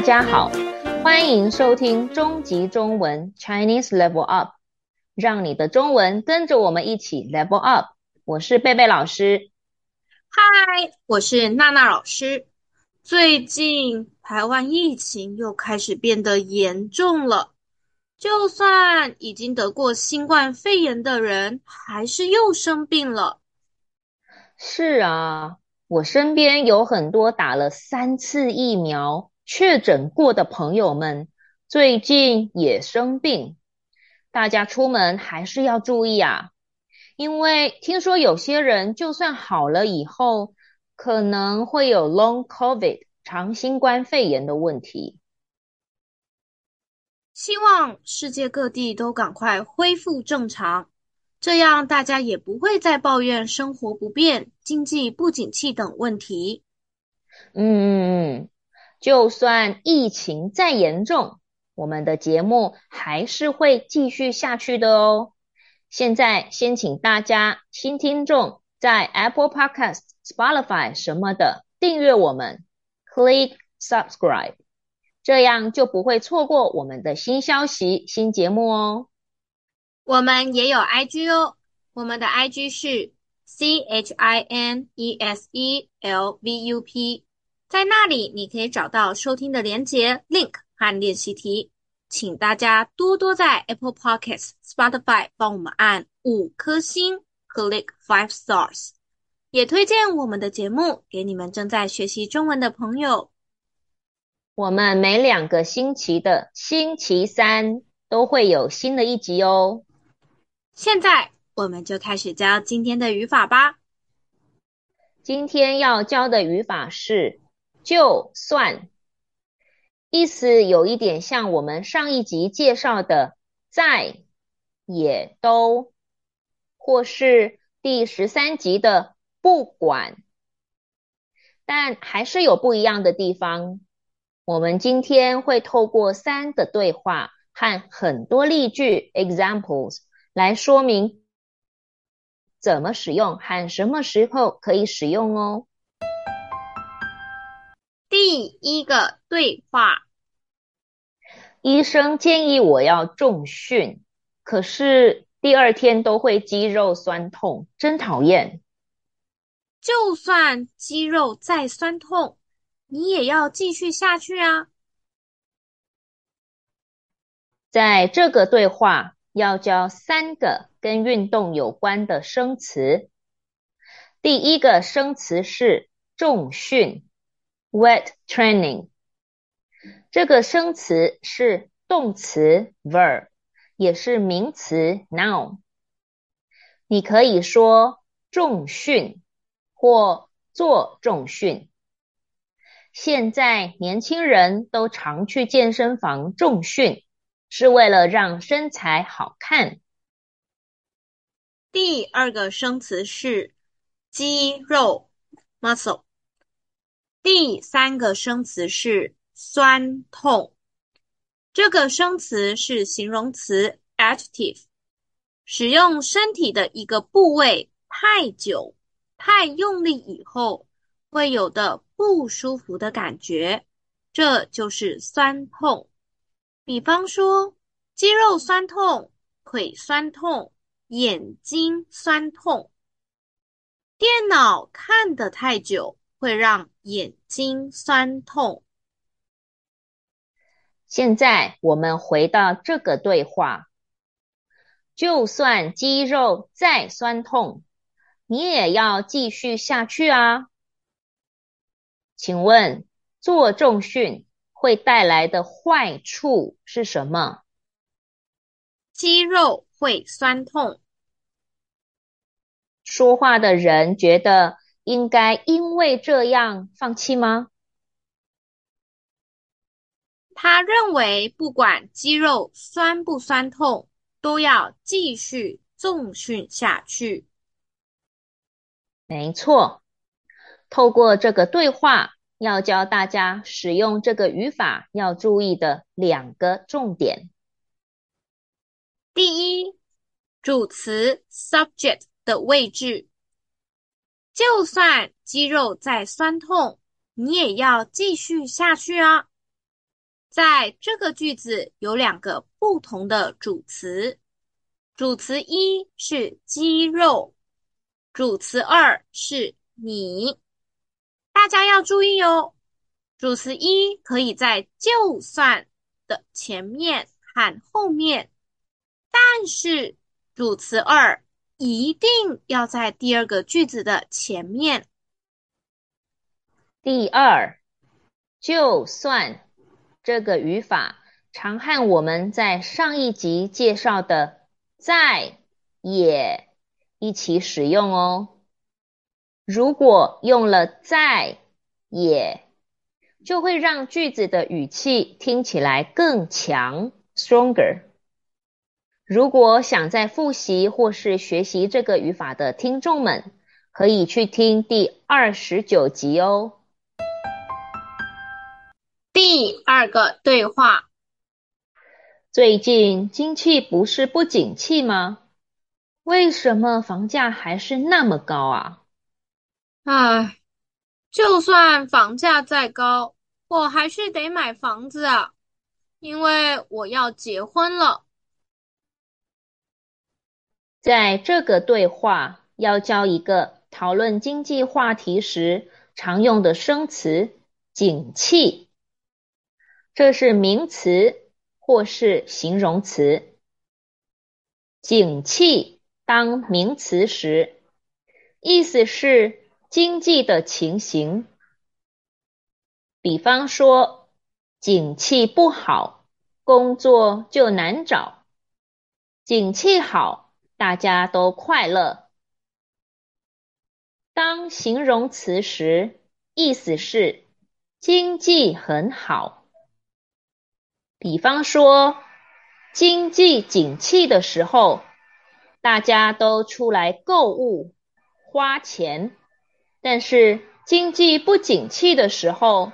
大家好，歡迎收聽終極中文 Chinese Level Up，讓你的中文跟着我們一起 Level Up。我是貝貝老師，嗨，我是娜娜老師。最近台灣疫情又開始變得嚴重了，就算已經得過新冠肺炎的人，還是又生病了。是啊，我身邊有很多打了三次疫苗。確診過的朋友們最近也生病，大家出門還是要注意啊！因為聽說有些人就算好了以後，可能會有 Long COVID 長新冠肺炎的問題。希望世界各地都趕快恢復正常，這樣大家也不會再抱怨生活不便、經濟不景氣等問題。嗯嗯嗯。就算疫情再嚴重，我們的節目還是會繼續下去的哦。現在先請大家新聽眾在 Apple Podcast、Spotify 什麼的訂閱我們，Click Subscribe，這樣就不會錯過我們的新消息、新節目哦。我們也有 IG 哦，我們的 IG 是 CHINESELVUP 在那裡你可以找到收聽的鏈接 link 和練習題，請大家多多在 Apple Podcasts Spotify 幫我們按五顆星 click five stars，也推薦我們的節目給你們正在學習中文的朋友。我們每兩個星期的星期三都會有新的一集哦。現在我們就開始教今天的語法吧。今天要教的語法是。就算，意思有一點像我們上一集介紹的“再”也都，或是第十三集的“不管”，但還是有不一樣的地方。我們今天會透過三個對話和很多例句 （examples） 來說明怎麼使用，和什麼時候可以使用哦。第一個對話，醫生建議我要重訓，可是第二天都會肌肉痠痛，真討厭。就算肌肉再痠痛，你也要繼續下去啊。在這個對話要教三個跟運動有關的生詞，第一個生詞是重訓。Wet training，這個生詞是動詞 verb，也是名詞 noun，你可以說重訓或做重訓。現在年輕人都常去健身房重訓，是為了讓身材好看。第二個生詞是肌肉 muscle。第三個生詞是酸痛，這個生詞是形容詞，adjective。使用身體的一個部位太久、太用力以後，會有的不舒服的感覺，這就是酸痛。比方說，肌肉酸痛、腿酸痛、眼睛酸痛，電腦看得太久，會讓眼睛痠痛。現在我們回到這個對話。就算肌肉再痠痛，你也要繼續下去啊。請問做重訓會帶來的壞處是什麼？肌肉會痠痛。說話的人覺得，應該因為這樣放棄嗎？他認為，不管肌肉酸不酸痛，都要繼續重訓下去。沒錯，透過這個對話，要教大家使用這個語法要注意的兩個重點。第一，主詞 （subject） 的位置。就算肌肉再酸痛，你也要繼續下去啊！在這個句子有兩個不同的主詞，主詞一是肌肉，主詞二是你。大家要注意哦，主詞一可以在“就算”的前面和後面，但是主詞二。一定要在第二個句子的前面。第二，就算這個語法常和我們在上一集介紹的“再”也一起使用哦。如果用了“再”也，就會讓句子的語氣聽起來更強 （stronger）。如果想再複習或是學習這個語法的聽眾們，可以去聽第二十九集哦。第二個對話：最近經濟不是不景氣嗎？為什麼房價還是那麼高啊？哎，就算房價再高，我還是得買房子啊，因為我要結婚了。在這個對話要教一個討論經濟話題時常用的生詞“景氣”，這是名詞或是形容詞。景氣當名詞時，意思是經濟的情形。比方說，景氣不好，工作就難找；景氣好，大家都快樂。當形容詞時，意思是經濟很好。比方說，經濟景氣的時候，大家都出來購物花錢；但是經濟不景氣的時候，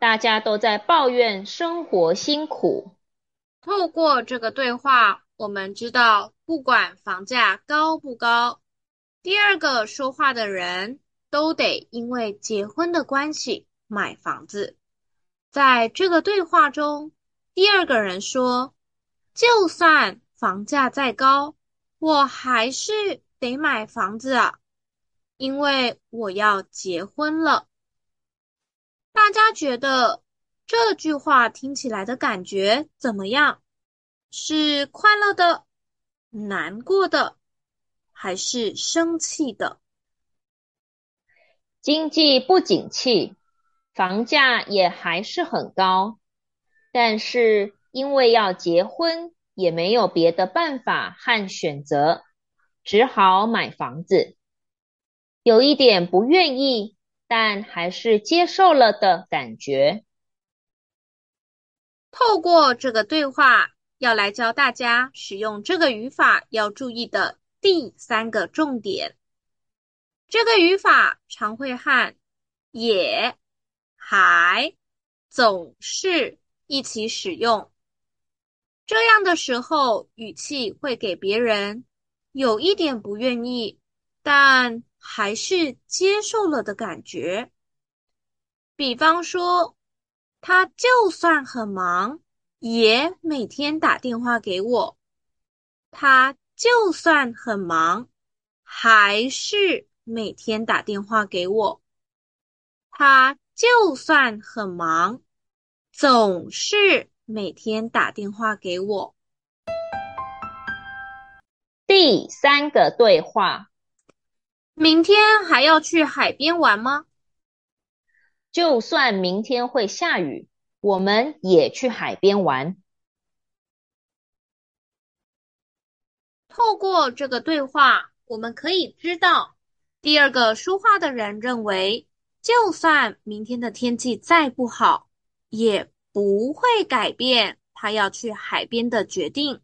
大家都在抱怨生活辛苦。透過這個對話，我們知道。不管房價高不高，第二個說話的人都得因為結婚的關係買房子。在這個對話中，第二個人說：“就算房價再高，我還是得買房子啊，因為我要結婚了。”大家覺得這句話聽起來的感覺怎麼樣？是快樂的。難過的，還是生氣的？經濟不景氣，房價也還是很高，但是因為要結婚，也沒有別的辦法和選擇，只好買房子。有一點不願意，但還是接受了的感覺。透過這個對話，要來教大家使用這個語法要注意的第三個重點，這個語法常會和也、還、總是一起使用。這樣的時候，語氣會給別人有一點不願意，但還是接受了的感覺。比方說，他就算很忙，也每天打電話給我，他就算很忙，還是每天打電話給我。他就算很忙，總是每天打電話給我。第三個對話：明天還要去海邊玩嗎？就算明天會下雨。我們也去海邊玩。透過這個對話，我們可以知道，第二個說話的人認為，就算明天的天氣再不好，也不會改變他要去海邊的決定。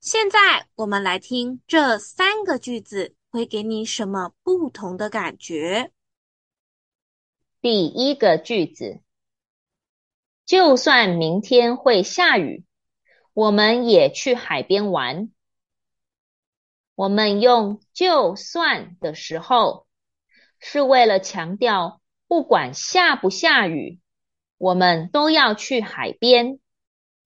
現在，我們來聽這三個句子會給你什麼不同的感覺？第一個句子。就算明天會下雨，我們也去海邊玩。我們用“就算”的時候，是為了強調不管下不下雨，我們都要去海邊。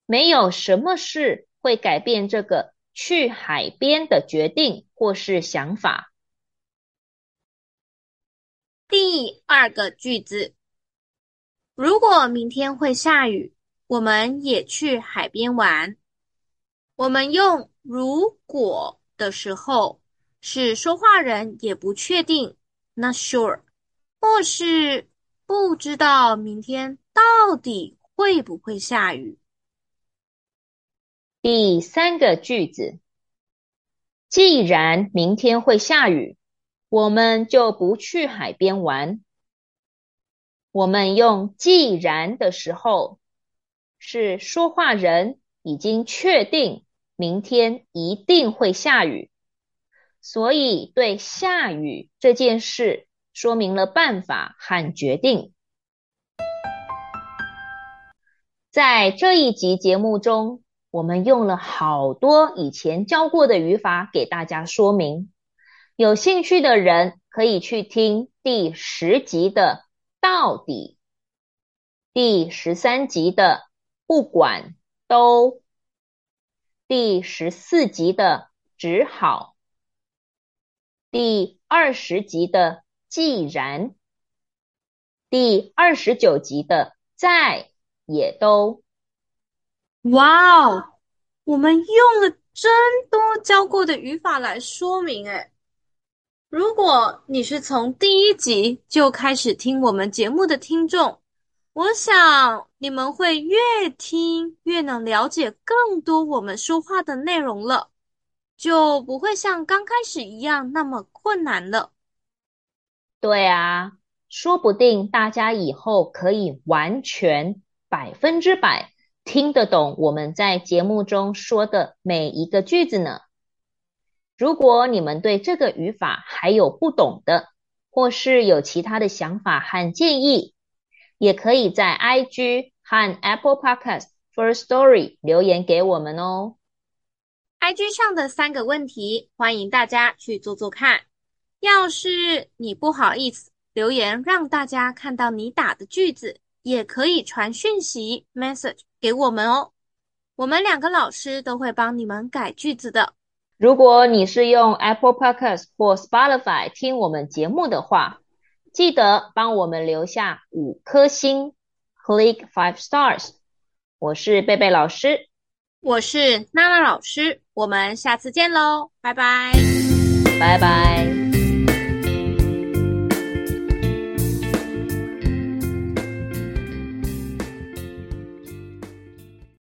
沒有什麼事會改變這個去海邊的決定或是想法。第二個句子。如果明天會下雨，我們也去海邊玩。我們用“如果”的時候，是說話人也不確定，not sure，或是不知道明天到底會不會下雨。第三個句子，既然明天會下雨，我們就不去海邊玩。我們用「既然」的時候，是說話人已經確定明天一定會下雨，所以對下雨這件事說明了辦法和決定。在這一集節目中，我們用了好多以前教過的語法給大家說明，有興趣的人可以去聽第十集的到底，第十三集的不管都，第十四集的只好，第二十集的既然，第二十九集的再也都，哇哦，我們用了真多教過的語法來說明哎。如果你是從第一集就開始聽我們節目的聽眾，我想你們會越聽越能了解更多我們說話的內容了，就不會像剛開始一樣那麼困難了。對啊，說不定大家以後可以完全百分之百聽得懂我們在節目中說的每一個句子呢？如果你們對這個語法還有不懂的，或是有其他的想法和建議，也可以在 IG 和 Apple Podcasts Firstory 留言給我們哦。IG 上的三個問題，歡迎大家去做做看。要是你不好意思留言讓大家看到你打的句子，也可以傳訊息 message 給我們哦。我們兩個老師都會幫你們改句子的。如果你是用 Apple Podcast 或 Spotify 聽我們節目的話，記得幫我們留下五顆星，Click five stars。我是貝貝老師，我是娜娜老師，我們下次見嘍，拜拜，拜拜。